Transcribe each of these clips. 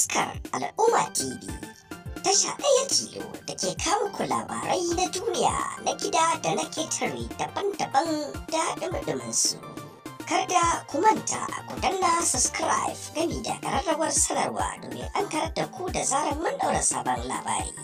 taskar al'umma tv tasha ɗaya tilo da ke kawo ku labarai na duniya na gida da na ketare daban-daban da ɗumɗumin su kada ku manta a ku danna subscribe gami da ƙararrawar sanarwa domin an karar da ku da zarar mun ɗaura sabon labari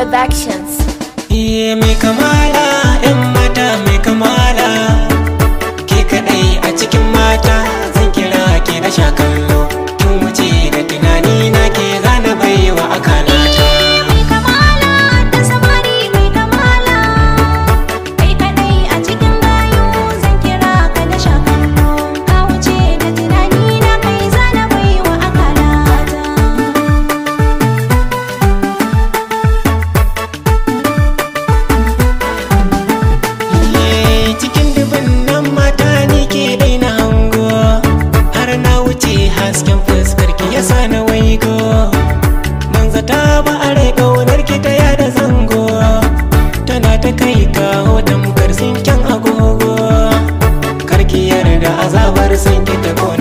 Productions. ba a ƙaunar ki ta yada zango tana ta kai kawo tamkar sinken agogo karki yarda azabar sanki ta kona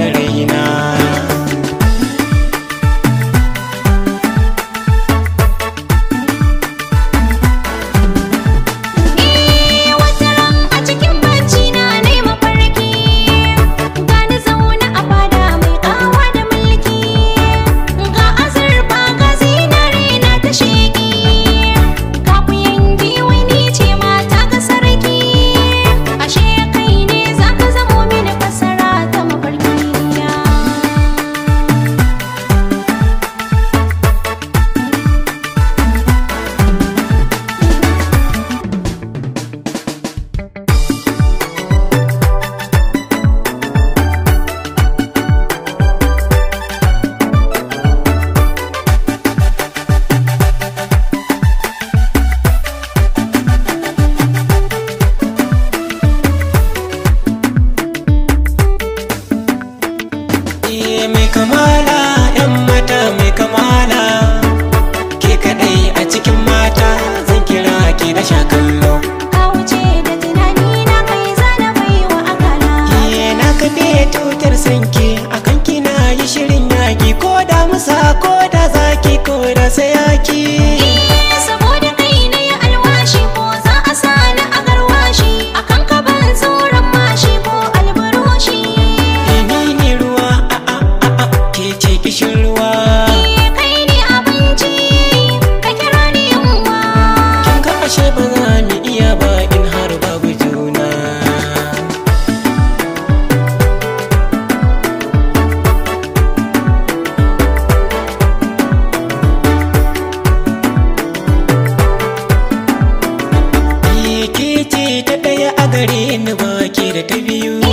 amsa ko da zaki ko da sayaki ɗaya a gare ni ba ke da ta biyu